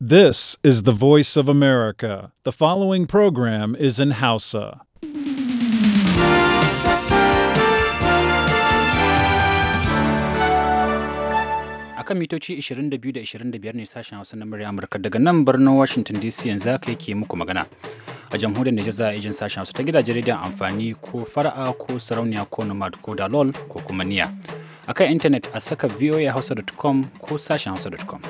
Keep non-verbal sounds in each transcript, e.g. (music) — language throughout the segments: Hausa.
This is the voice of America. The following program is in Hausa. Akan mitoci 22 da 25 ne sashen Hausa na murya Amurka daga nan birnin Washington DC yanzu haka yake muku magana. A jamhuriyar Nijar za a ijin sashen Hausa ta gidajen rediyon amfani ko fara'a ko sarauniya ko nomad ko dalol ko kuma niya. Akan intanet a saka voahausa.com ko sashen hausa.com.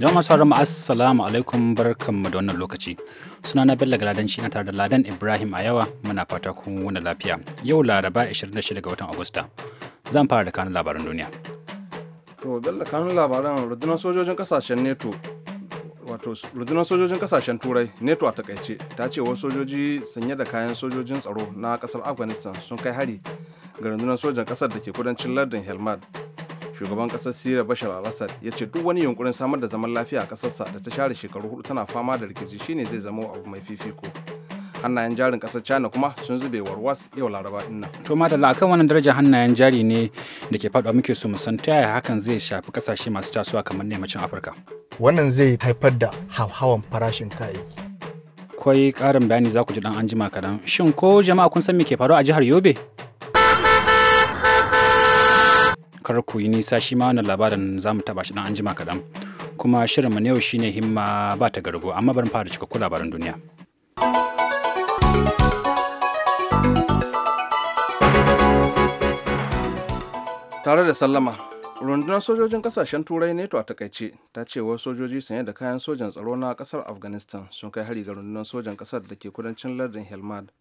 Jama'a sauran mu assalamu alaikum barkanmu da wannan lokaci. Sunana Bello shi na tare da Ladan Ibrahim a yawa muna fata kun wani lafiya. Yau Laraba 26 ga watan Agusta. Zan fara da kanun labaran duniya. To bella kanun labaran rundunar sojojin kasashen neto wato rundunar sojojin kasashen turai neto a takaice ta ce wasu sojoji sanye da kayan sojojin tsaro na kasar afghanistan sun kai hari ga rundunar sojan kasar da ke kudancin lardin helmand shugaban kasar sira bashar al-assad ya ce duk wani yunkurin samar da zaman lafiya a kasarsa da ta share shekaru hudu tana fama da rikici shine zai zama abu mai fifiko hannayen jarin kasar china kuma sun zube warwas yau laraba dinnan. nan to da akan wannan darajar hannayen jari ne da ke faɗa muke so san ta yaya hakan zai shafi kasashe masu tasowa kamar nemacin afirka wannan zai haifar da hauhawan farashin kayayyaki kwai ƙarin bayani za ku ji dan anjima kadan shin ko jama'a kun san me ke faru a jihar yobe kar ku yi nisa shi ma wannan labarin za mu taba shi dan anjima kaɗan kuma shirinmu na yau shine himma ba ta gargo amma bari fara cika ku labaran duniya tare da sallama rundunar sojojin kasashen turai neto a takaice ta ce wasu sojoji sanye da kayan sojan tsaro na kasar afghanistan sun kai hari ga rundunar sojan kasar da ke kudancin lardin helmand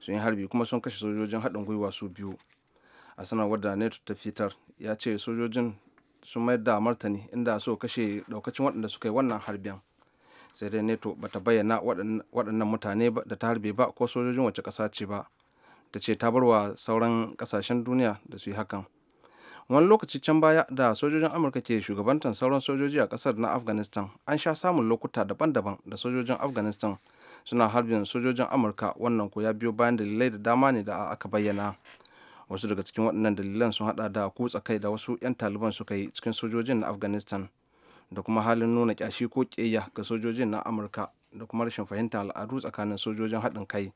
sun yi harbi kuma sun kashe sojojin haɗin gwiwa su biyu a sanarwar da neto ta fitar ya ce sojojin sun mayar da martani inda so kashe daukacin waɗanda suka yi wannan harbin sai dai neto bata bayyana waɗannan mutane da ta harbe ba ko sojojin wace ƙasa ce ba ta ce ta barwa sauran ƙasashen duniya da su yi hakan wani lokaci can baya da sojojin amurka ke shugabantar sauran sojoji a ƙasar na afghanistan an sha samun lokuta daban-daban da sojojin afghanistan suna harbin sojojin amurka wannan ko ya biyo bayan dalilai da dama ne da aka bayyana wasu daga cikin waɗannan dalilan sun haɗa da kutsa kai da wasu 'yan taliban suka yi cikin sojojin na afghanistan da kuma halin nuna kyashi ko ƙeya ga sojojin na amurka da kuma rashin fahimta al'adu tsakanin sojojin haɗin kai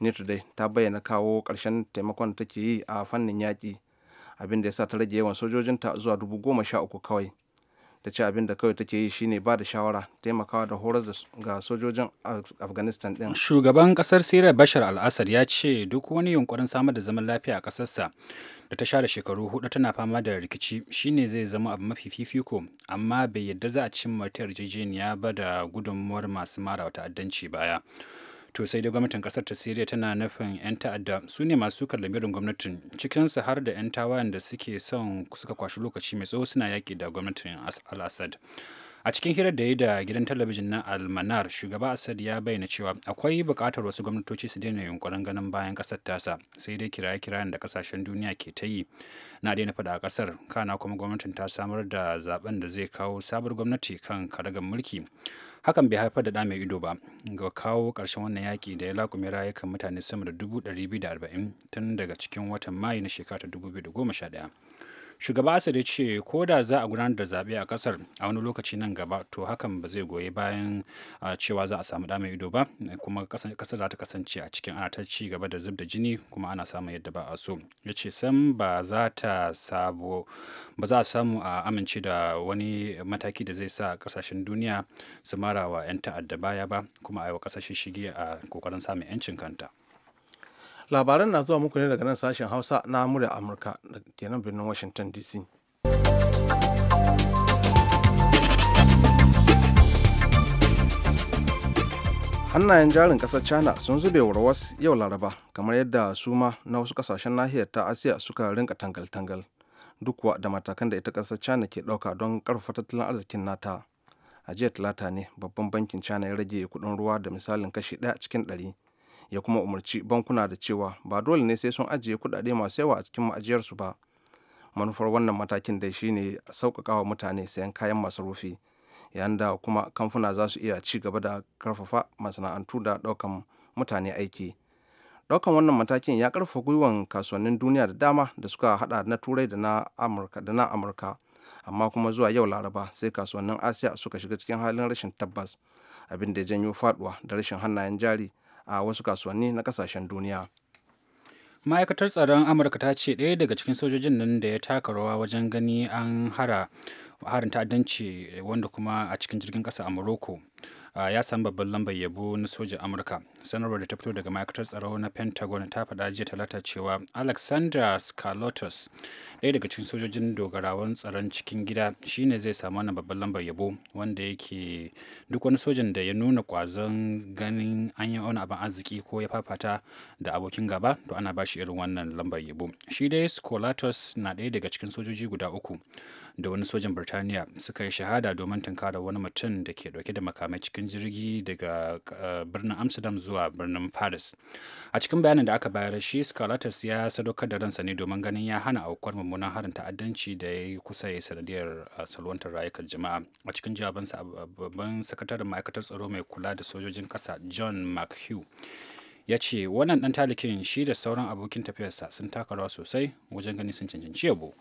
neto dai ta bayyana kawo ƙarshen taimakon da take yi a fannin yaƙi abin da ya sa ta rage yawan sojojinta zuwa dubu goma sha uku kawai ta ce abin da kawai take yi shine ba da shawara taimakawa da horar ga sojojin afghanistan din shugaban kasar sirar bashar al-assad ya ce duk wani yunkurin samar da zaman lafiya a kasarsa da ta share shekaru hudu tana fama da rikici shine zai zama abu mafi fifiko amma bai yadda za a cimma ta yarjejeniya ba da gudunmuwar masu mara ta'addanci baya to sai dai gwamnatin kasar ta siriya tana nufin 'yan ta'adda su ne masu sukar lamirin gwamnatin cikinsu har da 'yan tawayen da suke son suka kwashi lokaci mai tsawo suna yaƙi da gwamnatin al-assad a cikin hirar da ya da gidan talabijin na almanar shugaba assad ya bayyana cewa akwai buƙatar wasu gwamnatoci su daina yunkurin ganin bayan ƙasar tasa sai dai kiraye-kirayen da ƙasashen duniya ke ta yi na daina faɗa a ƙasar kana kuma gwamnatin ta samar da zaben da zai kawo sabuwar gwamnati kan karagar mulki hakan bai haifar da ɗa mai ido ba ga kawo ƙarshen wannan yaƙi da ya lakumi rayukan mutane sama da dubu 240 tun daga cikin watan mayu na shekara 2011 shugaba asad ya ce ko da za a gudanar da zaɓe a ƙasar a wani lokaci nan gaba to hakan ba zai goyi bayan cewa za a samu ɗa ido ba kuma ƙasar za ta kasance a cikin ana ta ci gaba da zub da jini kuma ana samun yadda ba a so ya ce sam ba za ta sabo ba za a samu a amince da wani mataki da zai sa ƙasashen duniya su mara wa 'yan ta'adda baya ba kuma a yi wa ƙasashe shige a kokarin samun 'yancin kanta. labaran na zuwa muku ne daga nan sashen hausa na murya amurka da ke birnin washington dc hannayen jarin kasar china sun zube warwas yau laraba kamar yadda su ma na wasu kasashen nahiyar ta asiya suka rinka tangal-tangal duk kuwa da matakan da ita kasar china ke ɗauka don ƙarfafa tattalin arzikin nata a jiya talata ne babban bankin china ya rage kudin ruwa da misalin kashi ɗaya cikin ɗari ya kuma umarci bankuna da cewa ba dole ne sai sun ajiye kudade masu yawa a cikin ma'ajiyarsu ba manufar wannan matakin dai shine sauƙaƙawa mutane sayan kayan masarufi yayin da kuma kamfuna za su iya ci gaba da karfafa masana'antu da ɗaukan mutane aiki ɗaukan wannan matakin ya karfafa gwiwan kasuwannin duniya da dama da suka haɗa na turai da na amurka amma kuma zuwa yau laraba sai kasuwannin asiya suka shiga cikin halin rashin tabbas abinda da ya janyo faduwa da rashin hannayen jari a wasu kasuwanni na kasashen duniya ma'aikatar tsaron amurka ta ce ɗaya daga cikin sojojin nan da ya taka rawa wajen gani an hara harin ta'addanci wanda kuma a cikin jirgin ƙasa a morocco ya san babban lambar yabo na sojin amurka sanarwar da ta fito daga ma'aikatar tsaro na pentagon ta faɗa jiya talata cewa alexander scalotus ɗaya daga cikin sojojin dogarawan tsaron cikin gida shine zai samu wannan babban lambar yabo wanda yake duk wani sojan da ya nuna kwazon ganin an yi wani abin arziki ko ya fafata da abokin gaba to ana ba shi irin wannan lambar yabo shi dai scolatus na ɗaya daga cikin sojoji guda uku da wani sojan birtaniya suka yi shahada domin tunkara wani mutum da ke dauke da makamai cikin jirgi daga eh, birnin amsterdam zuwa birnin paris a cikin bayanin da aka bayar shi scolatus ya sadaukar da ransa ne domin ganin ya hana aukuwar mummunan harin ta'addanci da ya kusa ya sanadiyar ah, salwantar rayukan jama'a a cikin jawabansa babban sakataren ma'aikatar tsaro mai kula da sojojin kasa john mchugh ya ce wannan dan talikin shi da sauran abokin tafiyarsa sun taka rawa sosai wajen gani sun cancanci yabo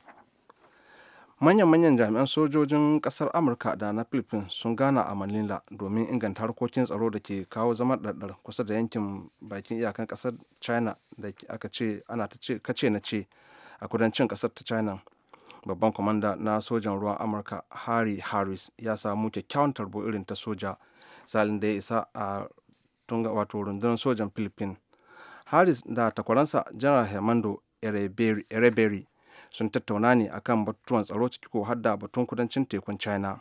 manyan-manyan jami'an sojojin kasar amurka da na philippines sun gana a manila domin inganta harkokin tsaro da ke kawo zama ɗarɗar kusa da yankin bakin iyakan kasar china da aka ce ana ta ce kace na ce a kudancin kasar ta china babban kwamanda na sojan ruwan amurka harry harris ya samu kyakkyawan tarbo irin ta soja salin da ya isa a tunga wato rundunar sojan philippines harris da takwaransa general hermando ereberi sun tattauna ne akan batutuwan tsaro ciki ko hadda batun kudancin tekun china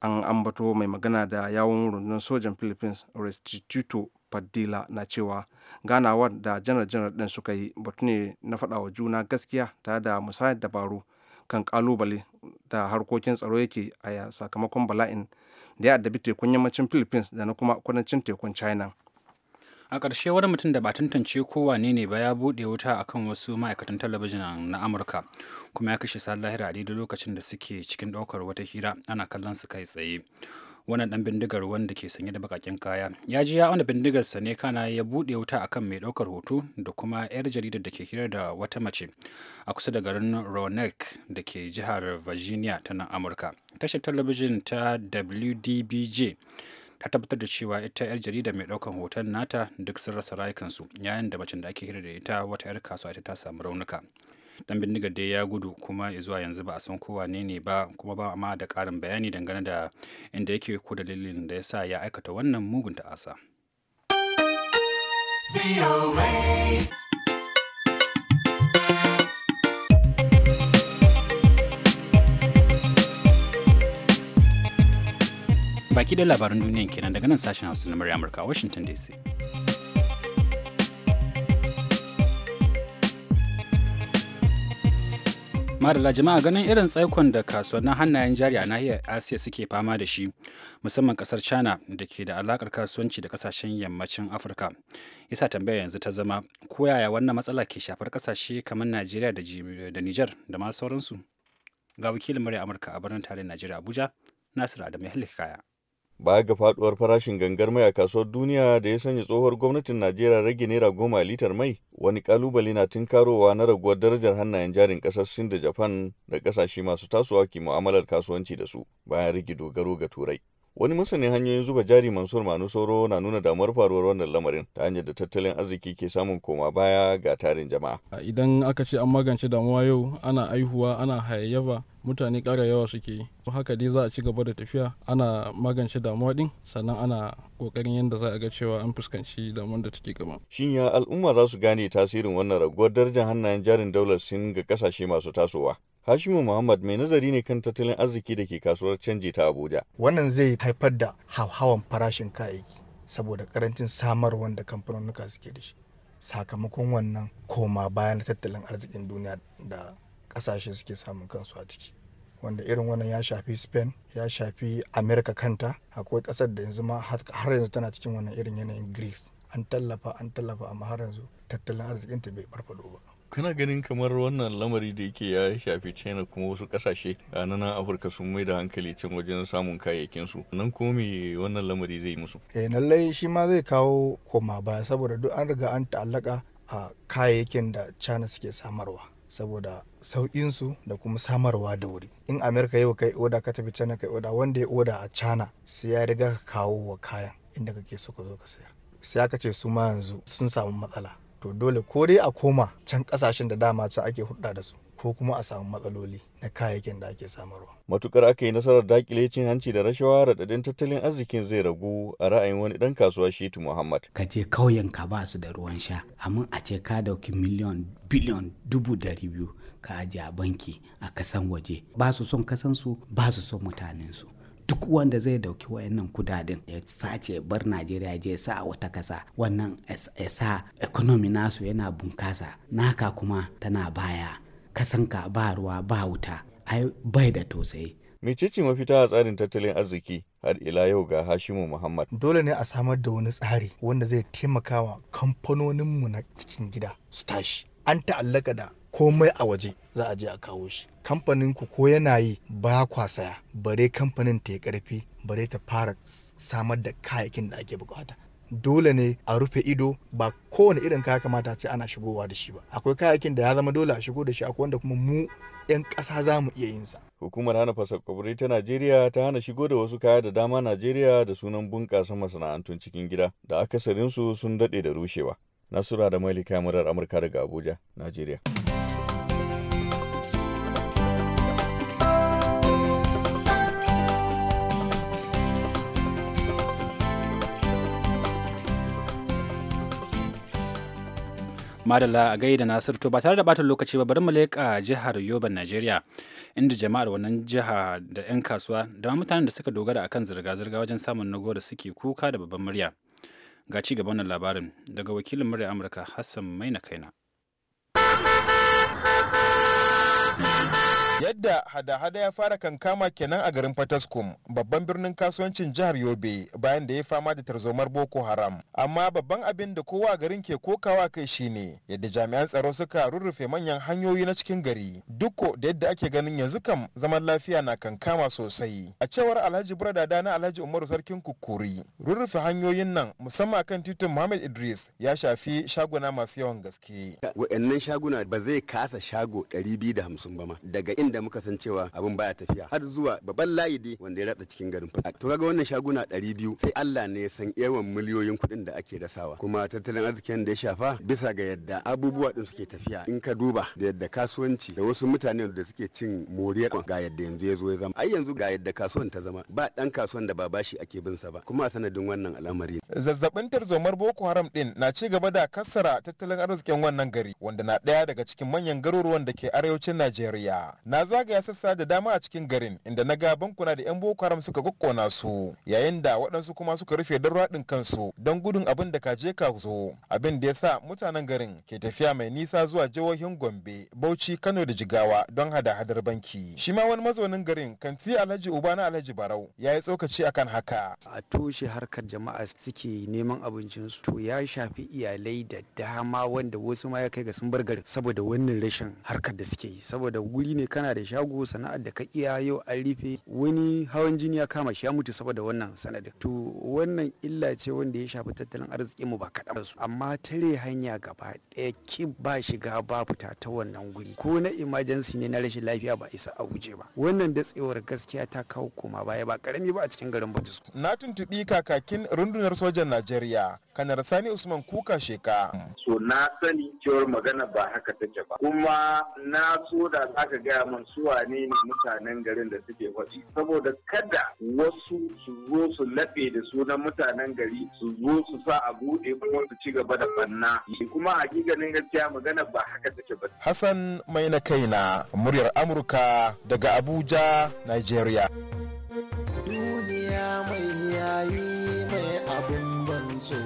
an ambato mai magana da yawon rundunar sojan philippines restituto fadila na cewa ganawar da janar-janar din suka yi batu ne na faɗawa juna gaskiya tare da musayar dabaru kan kalubale da harkokin tsaro yake a sakamakon bala'in da ya addabi tekun yammacin philippines da na kuma kudancin tekun china a ƙarshe wani mutum da ba tantance ko wane ne ba ya buɗe wuta akan wasu ma'aikatan talabijin na amurka kuma ya kashe sa lahira a lokacin da suke cikin ɗaukar wata hira ana kallon su kai tsaye wannan dan bindigar wanda ke sanye da bakakin kaya ya ji ya auna bindigarsa ne kana ya bude wuta akan mai daukar hoto da kuma 'yar jaridar da ke hira da wata mace a kusa da garin ronek da ke jihar virginia ta nan amurka tashar talabijin ta wdbj ta tabbatar da cewa ita 'yar jaridar mai daukar hoton nata duk sun rasa rayukansu yayin da macen da ake hira da ita wata 'yar kasuwa ita ta samu raunuka dan bindigar dai ya gudu kuma zuwa yanzu ba a san ko wane ne ba kuma ba ma da karin bayani dangane da inda yake ko dalilin da ya sa ya aikata wannan mugun ta'asa. baki da labaran duniyan kenan daga nan sashen hausa na murya amurka washington dc madalla jama'a ganin irin tsaikon da kasuwannin hannayen jari a nahiyar Asiya suke fama da shi musamman kasar China da ke da alakar kasuwanci da kasashen yammacin Afirka. Yasa tambaya yanzu ta zama ko yaya wannan matsala ke shafar kasashe kamar Najeriya da da Nijar da ma sauransu. Ga wakilin murya Amurka a birnin tarayyar Najeriya Abuja, Nasiru Adamu Kaya. baya ga faduwar farashin gangar mai a kasuwar duniya da ya sanya tsohuwar gwamnatin najeriya rage naira goma litar mai wani kalubale na tunkarowa na raguwar darajar hannayen jarin kasar sin da japan da kasashe masu tasowa ke mu'amalar kasuwanci da su bayan rage dogaro ga turai Wani masanin hanyoyin zuba jari Mansur Manu Soro na nuna damuwar faruwar wannan lamarin ta hanyar da tattalin arziki ke samun koma baya ga tarin jama'a. Idan aka ce an magance damuwa yau ana aihuwa ana hayayyafa mutane ƙara yawa suke haka dai za a ci gaba da tafiya ana magance damuwa din sannan ana kokarin yadda za a ga cewa an fuskanci damuwar da take gaba. Shin ya al'umma za su gane tasirin wannan raguwar darajar hannayen jarin daular sin ga kasashe masu tasowa Hashimu Muhammad mai nazari ne kan tattalin arziki da ke kasuwar canji ta Abuja. Wannan zai haifar da hauhawan farashin kayayyaki saboda karancin samarwar da kamfanonuka suke da shi. Sakamakon wannan koma bayan tattalin arzikin duniya da kasashe suke samun kansu a ciki. Wanda irin wannan ya shafi Spain, ya shafi Amurka kanta, akwai kasar da yanzu ma har yanzu tana cikin wannan irin yanayin Greece. An tallafa, an tallafa amma har yanzu tattalin arzikinta bai farfado ba. kana ganin kamar wannan lamari da yake ya shafi china kuma wasu kasashe a nan afirka sun mai da hankali can wajen samun kayayyakin su nan kuma me wannan lamari zai musu eh lallai shi ma zai kawo koma baya saboda duk an riga an ta'allaka a kayayyakin da china suke samarwa saboda sauƙin su da kuma samarwa da wuri in america yau kai oda ka tafi china kai oda wanda ya oda a china sai ya riga ka kawo wa kayan inda kake so ka zo ka sayar sai aka ce su ma yanzu sun samu matsala to dole ko dai a koma can kasashen da dama su ake hudda da su ko kuma a samu matsaloli na kayayyakin da ake samarwa. Matukar aka yi nasarar dakile cin hanci da rashawa raɗaɗin tattalin arzikin zai ragu a ra'ayin wani dan kasuwa Shitu Muhammad. Ka je kauyen ka ba su da ruwan sha, amma a ce ka dauki miliyon biliyon dubu dari biyu ka ajiye a banki a kasan waje. Ba su son kasansu, ba su son mutanensu. duk wanda zai dauki wayannan kudaden ya sace bar najeriya je sa wata kasa wannan ya sa economy nasu yana bunkasa naka kuma tana baya kasanka ba ruwa ba wuta ai bai da tosai mecece mafita a tsarin tattalin arziki har ila yau ga Hashimu Muhammad. Dole ne a samar da wani tsari wanda zai taimaka taimakawa kamfanoninmu na cikin gida su tashi. An ta'allaka da komai a waje za a je a kawo shi. kamfanin ku ko yana yi ba kwa saya bare kamfanin ta yi karfi bare ta fara samar da kayayyakin da ake bukata dole ne a rufe ido ba kowane irin kaya kamata ce ana shigowa da shi ba akwai kayayyakin da ya zama dole a shigo da shi akwai wanda kuma mu 'yan ƙasa za mu iya yin sa hukumar hana fasa fasakwabri ta najeriya ta hana shigo da wasu kaya da dama najeriya da sunan bunƙasa masana'antun cikin gida da akasarinsu sun daɗe da rushewa nasura da malika murar amurka daga abuja najeriya madala a gaida nasir to ba tare da bata lokaci ba bari mu leƙa jihar yoban najeriya inda jama'ar wannan jiha da 'yan kasuwa da mutanen da suka dogara akan zirga-zirga wajen samun nago da suke kuka da babban murya ga ci gaban labarin daga wakilin murya amurka hassan maina kaina yadda hada-hada ya fara kankama kenan a garin fataskum babban birnin kasuwancin jihar yobe bayan da ya fama da tarzomar boko haram amma babban abin da kowa garin ke kokawa kai shine yadda jami'an tsaro suka rurrufe manyan hanyoyi na cikin gari dukko da yadda ake ganin yanzu kam zaman lafiya na kankama sosai a cewar alhaji burada na alhaji umaru sarkin kukuri rurrufe hanyoyin nan musamman akan titin muhammad idris ya shafi shaguna masu yawan gaske wa'annan shaguna ba zai kasa shago 250 ba ma daga in inda muka san cewa abin baya tafiya har zuwa babban layi dai wanda ya ratsa cikin garin fata to kaga wannan shaguna ɗari biyu sai Allah ne ya san yawan miliyoyin kuɗin da ake rasawa kuma tattalin arzikin da ya shafa bisa ga yadda abubuwa din suke tafiya in ka duba da yadda kasuwanci da wasu mutane da suke cin moriyar ga yadda yanzu ya zo ya zama ai yanzu ga yadda kasuwan ta zama ba dan kasuwan da ba bashi ake bin sa ba kuma sanadin wannan al'amari zazzabin tarzomar boko haram din na ci gaba da kassara tattalin arzikin wannan gari wanda na daya daga cikin manyan garuruwan da ke arewacin Najeriya na na zagaya sassa da dama a cikin garin inda na ga bankuna da 'yan boko haram suka kokkona su yayin da waɗansu kuma suka rufe don kansu don gudun abin da ka je ka zo abin da ya sa mutanen garin ke tafiya mai nisa zuwa jihohin gombe bauchi kano da jigawa don hada-hadar banki shi ma wani mazaunin garin kanti alhaji uba na alhaji barau ya yi tsokaci a kan haka a toshe harkar jama'a suke neman su to ya shafi iyalai da dama wanda wasu ma ya kai ga sun bar garin saboda wannan rashin harkar da suke yi saboda wuri ne kana kana da shago sana'ar da ka iya yau an rufe wani hawan jini ya kama shi ya mutu saboda wannan sanadin to wannan illa ce wanda ya shafi tattalin arzikin mu ba kaɗan su amma tare hanya gaba ɗaya ki ba shiga ba fita ta wannan guri ko na emergency ne na rashin lafiya ba isa a guje ba wannan datsewar gaskiya ta kawo koma baya ba karami ba a cikin garin Bauchi na tuntubi kakakin rundunar sojan Najeriya kanar Sani Usman Kuka Sheka so na sani cewar magana ba haka take ba kuma na so da zaka gaya musamman su wane ne mutanen garin da suke faɗi saboda kada wasu su zo su laɓe da sunan mutanen gari su zo su sa a buɗe kuma su ci gaba da banna kuma hakikanin gaskiya magana ba haka take ba Hassan mai na kai na muryar Amurka daga Abuja Nigeria duniya mai yayi mai abin banzo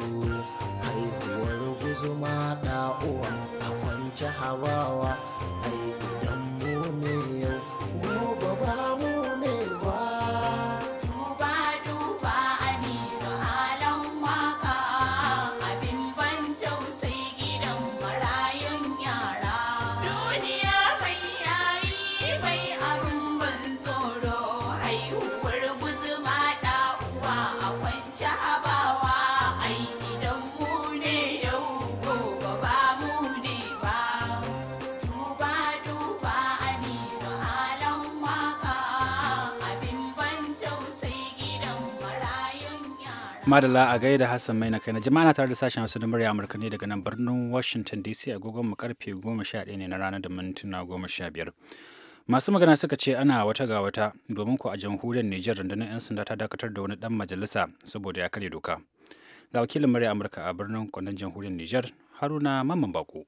haihuwar guzuma da uwa a kwanci hawawa madala a gaida hassan mai na kai na jama'a na tare da sashen hausa da murya amurka ne daga nan birnin washington dc agogon mu karfe 11 ne na ranar da mintuna 15 masu magana suka ce ana wata ga wata domin ku a jamhuriyar niger rundunar 'yan sanda ta dakatar da wani dan majalisa saboda ya karya doka ga wakilin murya amurka a birnin kwanan jamhuriyar Nijar haruna mamman bako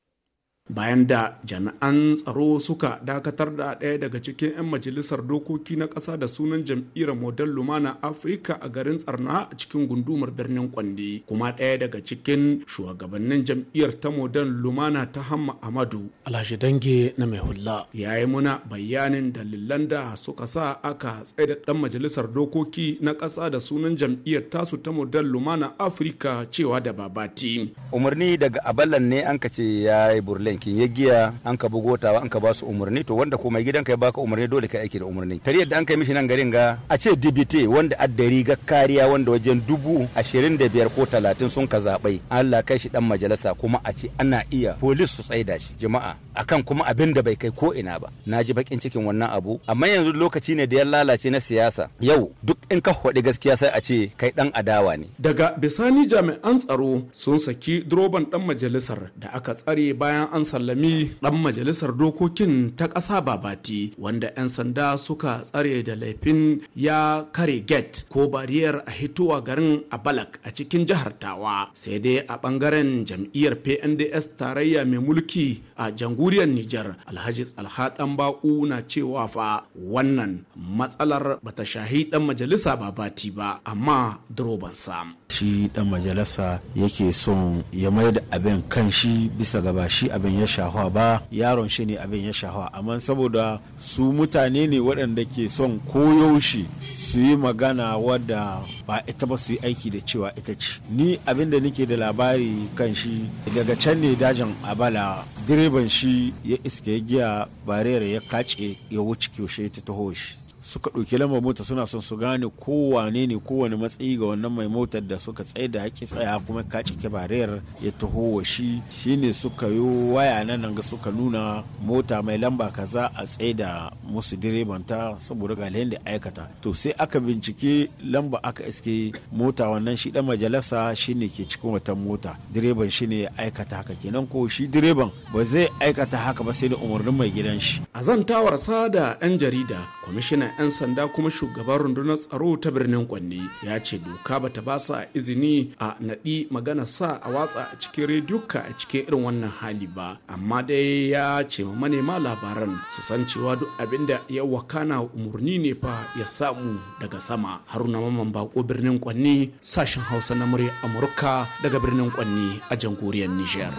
bayan da jami'an tsaro suka dakatar da ɗaya daga cikin 'yan majalisar dokoki na ƙasa da sunan jam'iyyar model lumana afirka a garin tsarna a cikin gundumar birnin kwande kuma ɗaya daga cikin shugabannin jam'iyyar ta model lumana ta hamma amadu alhaji dange na mai hulla ya yi muna bayanin dalilan da suka sa aka da ɗan majalisar dokoki na ƙasa da sunan jam'iyyar tasu ta model lumana afirka cewa da babati umarni daga abalan ne an kace ya yi burle yankin ya giya an ka bugo an ka ba su umarni to wanda ko mai gidanka ya baka umarni dole ka aiki da umarni tare yadda an kai mishi nan garin ga a ce DBT wanda addari riga kariya wanda wajen dubu ashirin da biyar ko talatin sun ka zaɓai Allah kai shi dan majalisa kuma a ce ana iya polis su tsaida shi jama'a akan kuma abin da bai kai ko ina ba na ji bakin cikin wannan abu amma yanzu lokaci ne da ya lalace na siyasa yau duk in ka hodi gaskiya sai a ce kai dan adawa ne daga bisani jami'an tsaro sun saki droban dan majalisar da aka tsare bayan an sallami ɗan majalisar dokokin ta ƙasa babati wanda 'yan sanda suka tsare da laifin ya kare gate ko bariyar a hitowa garin a abalak a cikin jihar tawa sai dai a ɓangaren jam'iyyar pnds tarayya mai mulki a janguriyar nijar alhaji alhaɗan baƙu na cewa fa wannan matsalar bata shahi ɗan majalisa babati ba amma durobansa. sam shi dan majalasa yake son ya mai da abin kan shi bisa gaba shi abin ya shahwa ba yaron shi ne abin ya shahwa amma saboda su mutane ne waɗanda ke son koyaushe su yi magana wadda ba ita ba su yi aiki da cewa ita ce ni abin da nake da labari kan shi daga can ne dajin abala direban shi ya iske giya barera ya kace ya wuce kyoshe ta taho shi suka ɗauki lambar mota suna son su gane kowane ne kowane matsayi ga wannan mai motar da suka tsaye da haƙƙi tsaya kuma ka cike bariyar ya taho wa shi shine suka yi waya nan nan suka nuna mota mai lamba kaza a tsaye da musu direban ta saboda ga da aikata to sai aka bincike lamba aka iske mota wannan shi dan majalasa shine ke cikin wata mota direban shine ya aikata haka kenan ko shi direban ba zai aikata haka ba sai da umarnin mai gidan shi a zantawar sa da yan jarida kwamishinan 'yan sanda kuma shugaban rundunar tsaro ta birnin Kwanni ya ce doka bata ba sa izini a naɗi magana sa a watsa a cikin rediyoka a cikin irin wannan hali ba amma dai ya ce ma manema labaran su san cewa duk abin da ya wakana umarni ne fa ya samu daga sama haruna maman bako birnin kwanne sashen Hausa na murya Amurka daga birnin kwanne a jamhuriyar Nijar.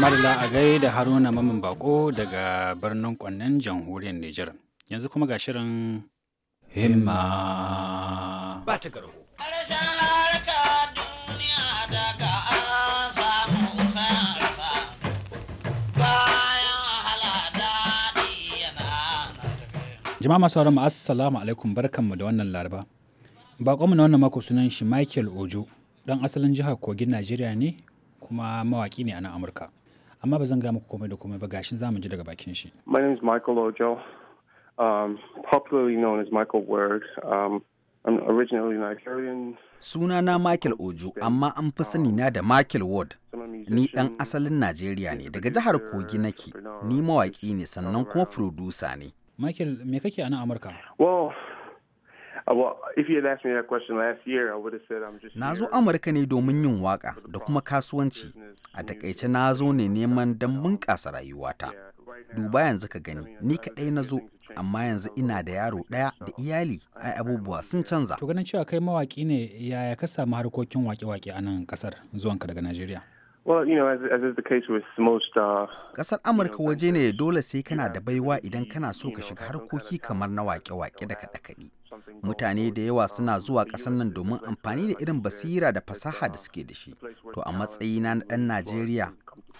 marila a gai da Haruna Mamin Bako daga birnin Kwannin jamhuriyar Nijar. Yanzu kuma ga shirin himma ba ta garo. Jama'a masu mu assalamu alaikum barkanmu da wannan laraba. Bakonmu na wannan mako sunan shi Michael Ojo, ɗan asalin jihar Kogin Najeriya ne kuma mawaƙi ne a nan Amurka. amma ba zan ga muku komai da komai ba gashin za mu ji daga bakin shi my name is michael ojo um, popularly known as michael word um, I'm originally Nigerian. Suna na Michael Ojo, amma an fi sani na da Michael Ward. Ni ɗan asalin Najeriya ne, daga jihar Kogi nake, ni mawaƙi ne sannan kuma furodusa ne. Michael, me kake a nan Amurka? Well, Uh, na zo Amurka ne domin yin waka da kuma kasuwanci, a takaice na zo ne neman don bunƙasa rayuwata. Duba yanzu ka gani, ni kaɗai na zo, amma yanzu ina da yaro ɗaya da iyali, ai abubuwa sun canza. To ganin cewa kai mawaƙi ne yaya ka samu harkokin waƙe-waƙe a nan ƙasar zuwanka daga Najeriya? Uh, ƙasar Amurka waje ne dole sai kana da baiwa idan kana so ka shiga harkoki kamar na waƙe-waƙe da kaɗe-kaɗe. mutane da yawa suna zuwa ƙasar nan domin amfani da irin basira da fasaha da suke da shi to a matsayina na ɗan najeriya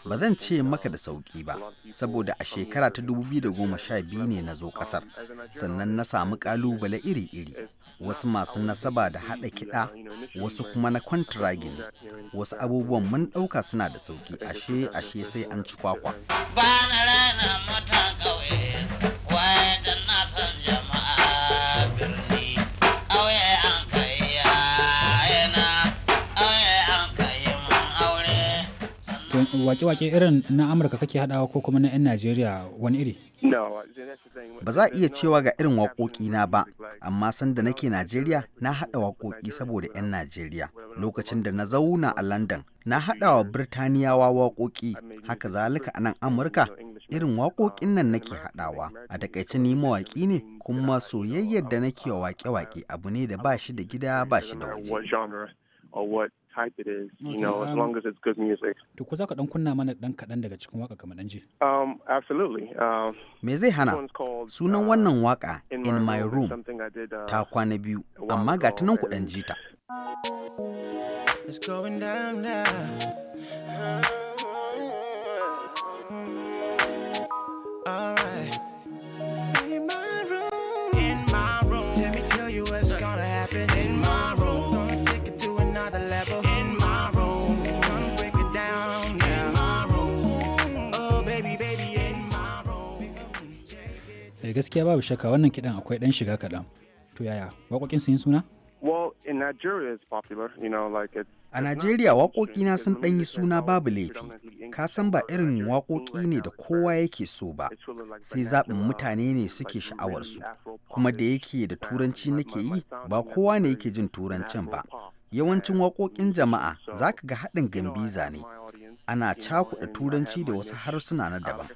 ba zan ce maka da sauƙi ba saboda a shekara ta 2012 ne na zo ƙasar sannan na samu ƙalubale iri-iri wasu masu nasaba da haɗa kiɗa wasu kuma na kwantara gini wasu abubuwan mun ɗauka suna da sauki ashe ashe sai an ci kwakwa ba na rana mata ƙauye wake-wake irin na amurka kake hadawa ko kuma na 'yan najeriya wani iri ba za a iya cewa ga irin waƙoƙi na ba amma sanda nake najeriya na hada waƙoƙi saboda 'yan najeriya lokacin da na zauna a london na hada wa birtaniyawa waƙoƙi haka zalika a nan amurka irin waƙoƙin nan nake hadawa a takaice ni mawaƙi ne kuma soyayyar da nake wa waƙe wake abu ne da ba shi da gida ba shi da waje or what type it is, you know, um, as long as it's good music. To ko za ka dan kunna mana dan kadan daga cikin waka kamar dan ji? Um, absolutely. Um, Me zai hana? Sunan uh, wannan waka In My Room uh, ta kwana biyu, amma ga tunan ku dan ji ta. It's going down now. All right. eh gaskiya babu shakka wannan kidan akwai dan shiga kaɗan to yaya waƙoƙin sun yi suna Well, in Nigeria it's popular, you know, like it's A Najeriya waƙoƙina sun ɗan yi suna babu laifi, ka san ba irin waƙoƙi ne da kowa yake so ba, sai zaɓin mutane ne suke sha'awarsu, kuma da yake da turanci nake yi ba kowa ne yake jin turancin ba. Yawancin waƙoƙin jama'a za ka ga haɗin gambiza ne, ana cakuɗa turanci da wasu harsuna na daban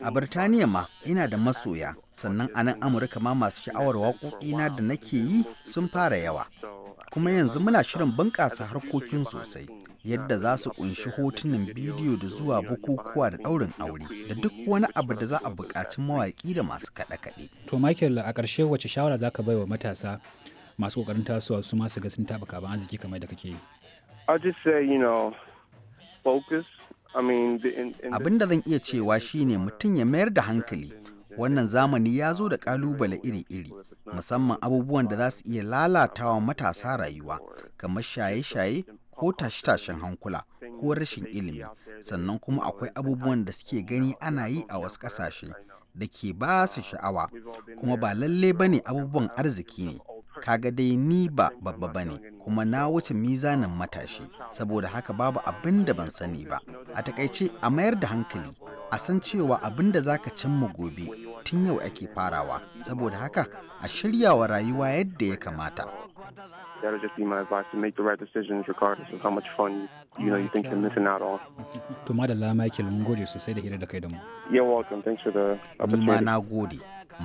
a birtaniya ma ina da masoya sannan a nan amurka ma masu sha'awar na da nake yi sun fara yawa kuma yanzu muna shirin bunƙasa harkokin sosai yadda za su kunshi hotunan bidiyo da zuwa bukukuwa da ɗaurin aure da duk wani abu da za a buƙaci mawaƙi da masu kaɗe-kaɗe. To Michael a ƙarshe wace shawara za ka bai wa matasa masu ƙoƙarin tasowa su masu ga sun taɓa kaban arziki kamar da kake yi? I'll just say, you know, Abin da zan iya cewa shine mutum ya mayar da hankali. Wannan zamani ya zo da kalubale iri-iri, musamman abubuwan da za su iya lalatawa matasa rayuwa, kamar shaye-shaye ko tashe-tashen hankula ko rashin ilimi, sannan kuma akwai abubuwan da suke gani ana yi a wasu ƙasashe da ke ba su sha'awa, kuma ba lalle ba ne abubuwan arziki ne. kaga dai ni ba babba ba ne kuma na wuce mizanin matashi saboda haka babu abin da ban sani ba a takaice a mayar da hankali a san cewa abin da zaka cimma gobe tun yau ake farawa saboda haka a shiryawa rayuwa yadda ya kamata that That'll just be my advice to make the right decisions regardless of how much fun you, know you think you're missing out on. To madalla Michael mun gode sosai da hira da kai da mu. You're welcome. Thanks for the opportunity. Ma na gode.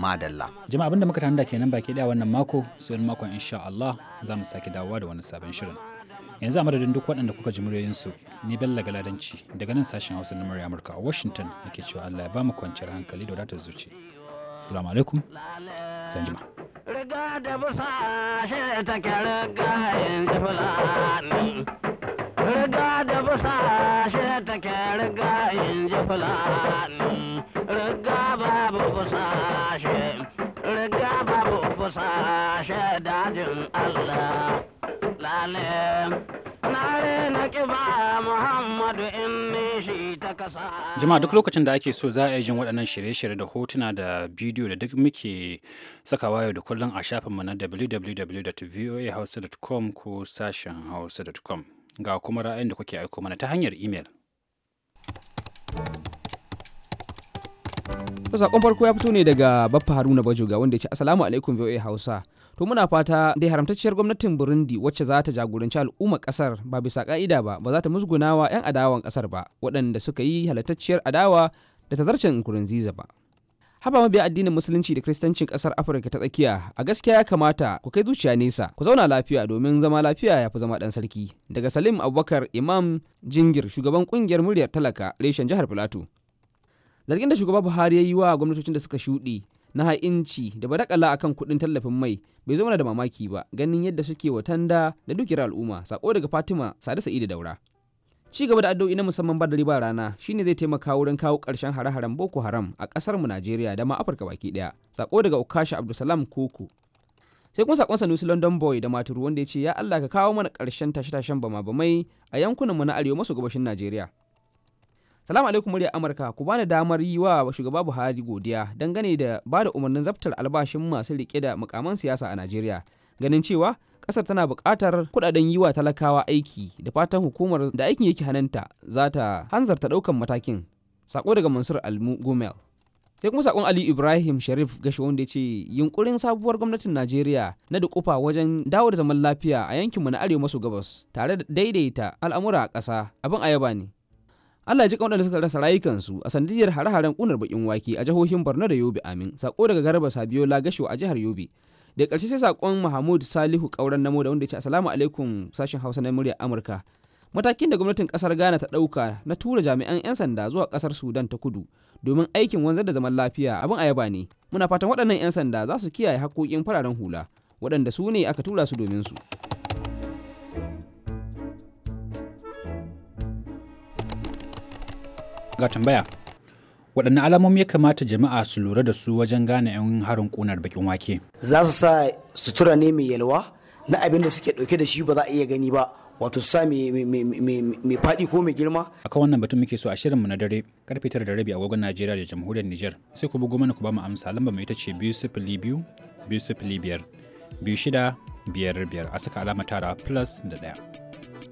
Madalla. Jama'a abinda muka tanda kenan baki daya wannan mako sai wani makon insha Allah za mu sake dawowa da wani sabon shirin. Yanzu a madadin duk waɗanda kuka ji muryoyinsu ni bella Galadanci daga nan sashen Hausa na murya Amurka a Washington nake cewa Allah ya ba mu kwanciyar hankali da wadatar zuci. Assalamu alaikum. Sanjima. Riga da busa shi take riga fulani. Riga da busa shi take riga in fulani. Jama'a duk lokacin da ake so za a yi jin waɗannan shirye-shirye da hotuna da bidiyo da duk muke sakawa yau da kullum a shafinmu na www.voahausa.com ko sashen hausa.com ga kuma ra'ayin da kuke aiko mana ta hanyar imel. Sakon farko ya fito ne daga Baffa Haruna Bajoga wanda ya ce asalamu alaikum VOA Hausa. to muna fata dai haramtacciyar gwamnatin burundi wacce za ta jagoranci al'umma kasar ba bisa ka'ida ba ba za ta musgunawa 'yan adawan kasar ba waɗanda suka yi halattacciyar adawa da ta zarcen nkurunziza ba haba mabiya addinin musulunci da kristancin kasar afirka ta tsakiya a gaskiya ya kamata ku kai zuciya nesa ku zauna lafiya domin zama lafiya ya fi zama dan sarki daga salim abubakar imam jingir shugaban kungiyar muryar talaka reshen jihar filato zargin da shugaba buhari ya yi wa gwamnatocin da suka shuɗe na ha'inci da badakala akan kuɗin tallafin mai bai zama da mamaki ba ganin yadda suke watanda da dukiyar al'umma sako daga Fatima Sadu Sa'idu Daura ci gaba da addu'o'i na musamman ba dare ba rana shine zai taimaka wurin kawo ƙarshen hare-haren Boko Haram a ƙasar mu Najeriya da ma Afirka baki ɗaya sako daga Ukasha Abdulsalam Koko sai kuma sakon sanusi london boy da maturu wanda ya ce ya allah ka kawo mana karshen tashe-tashen bama bamai a yankunan mu na arewa maso gabashin najeriya Salamu alaikum murya Amurka ku bani damar yi wa shugaba Buhari godiya dangane da ba da umarnin zaftar albashin masu rike da mukaman siyasa a Najeriya. Ganin cewa kasar tana buƙatar kuɗaɗen yi wa talakawa aiki da fatan hukumar da aikin yake hananta za ta hanzarta ɗaukan matakin. Sako daga Mansur Almu Gomel. sai kuma sakon ali ibrahim sharif gashi wanda ya ce yunkurin sabuwar gwamnatin najeriya na dukufa wajen dawo da zaman lafiya a yankinmu na arewa maso gabas tare da daidaita al'amura a ƙasa abin ayaba ne Allah ji kaunar da suka rasa rayukansu a sanadiyar hare-haren kunar bakin wake a jihohin Borno da Yobe amin sako daga Garba Sabiyo Lagasho a jihar Yobe da ƙarshe sai sakon Mahmud Salihu kauran namo da wanda ya ce assalamu alaikum sashin Hausa na muryar Amurka matakin da gwamnatin kasar Ghana ta ɗauka na tura jami'an 'yan sanda zuwa kasar Sudan ta kudu domin aikin wanzar da zaman lafiya abin ayaba ne muna fatan waɗannan 'yan sanda za su kiyaye hakokin fararen hula waɗanda su ne aka tura su domin su. ga tambaya waɗanne alamomi ya kamata jama'a su lura da su wajen gane 'yan harin ƙunar bakin wake za su sa sutura ne mai yalwa na abin da suke ɗauke da shi ba za a iya gani ba wato sa mai faɗi ko mai girma akan wannan batun muke so a shirinmu na dare karfe tara da rabi agogon najeriya da jamhuriyar niger sai ku bugu mana ku ba mu amsa lamba mai ita ce biyu sifili biyu biyu sifili biyar biyu shida biyar biyar a saka alama tara plus da ɗaya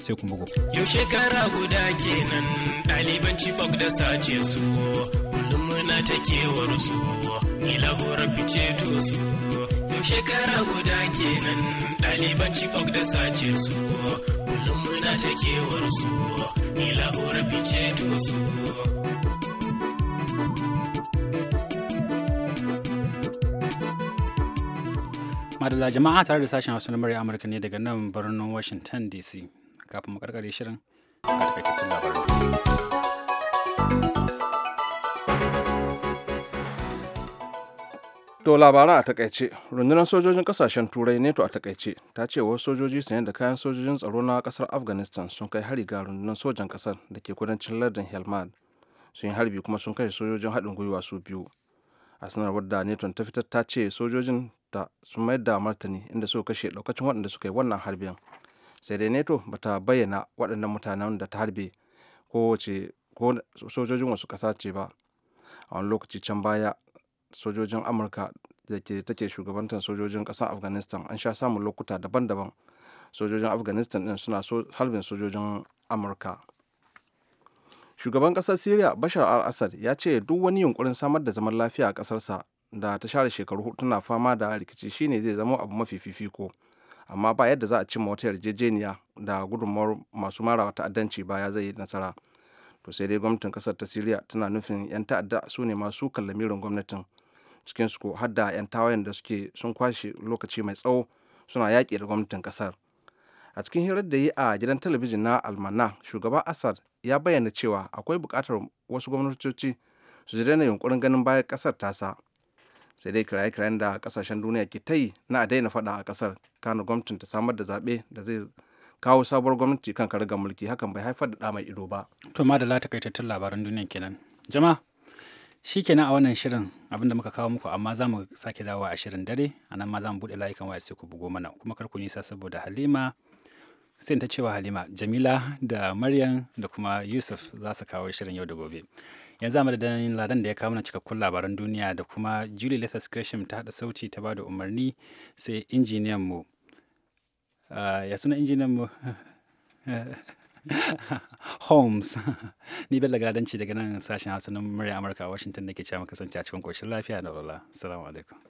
sai kuma gobe. Yau shekara guda kenan ɗaliban Chibok da sace su kullum muna ta kewar su ni lahorar fice to su. Yau shekara guda kenan ɗaliban Chibok da sace su kullum muna ta kewar su ni lahorar fice to su. madalla jama'a tare da sashen hausa na murya amurka ne daga nan birnin washington dc kafin mu karkare shirin labaran To labaran a takaice, rundunar sojojin kasashen turai neto a takaice ta ce wasu sojoji sanye da kayan sojojin tsaro na kasar Afghanistan sun kai hari ga rundunar sojan kasar da ke kudancin lardin Helmand. Sun yi harbi kuma sun kashe sojojin haɗin gwiwa su biyu. A sanarwar da neto ta fitar ta ce sojojin ta sun mayar da martani inda suka kashe ɗaukacin waɗanda suka yi wannan harbin. sai dai neto bata bayyana waɗannan mutanen da ta harbe ko sojojin wasu ƙasa ce ba a wani lokaci can baya sojojin amurka da ke take shugabantar sojojin ƙasar afghanistan an sha samun lokuta daban-daban sojojin afghanistan din suna harbin sojojin amurka shugaban ƙasar syria bashar al-assad ya ce duk wani yunkurin samar da zaman lafiya a ƙasarsa da ta share shekaru tana fama da rikici shine zai zama abu mafi fifiko amma ba yadda za a cimma wata yarjejeniya da gudunmawar masu marawa ta'addanci baya zai yi nasara to sai dai gwamnatin kasar ta siriya tana nufin 'yan ta'adda su ne masu kallamirin gwamnatin cikin su har da 'yan tawayen da suke sun kwashe lokaci mai tsawo suna yaƙi da gwamnatin kasar a cikin hirar da yi a gidan talabijin na almana shugaba assad ya bayyana cewa akwai buƙatar wasu gwamnatoci su daina yunkurin ganin bayan ƙasar tasa sai dai kiraye-kirayen da kasashen duniya ke ta yi na a daina fada a kasar kano gwamnatin ta samar da zabe da zai kawo sabuwar gwamnati kan karga mulki hakan bai haifar da ɗa mai ido ba. to ma da latakaitattun labaran duniya kenan jama shi kenan a wannan shirin abinda muka kawo muku amma za mu sake dawowa a shirin dare a nan ma za mu buɗe layukan waya sai ku bugo mana kuma kar ku nisa saboda halima sai ta cewa halima jamila da maryam da kuma yusuf za su kawo shirin yau da gobe yanzu a madadin ladan da ya kawo mana cikakkun labaran duniya da kuma julie lethal gresham ta hada sauti ta ba da umarni sai injiniyan mu ah, ya suna injiniyan mu (laughs) Holmes ni Bello Gadanci daga nan sashen Hausa na murya Amurka Washington da ke cewa kasance a cikin koshin lafiya da walwala. salamu alaikum.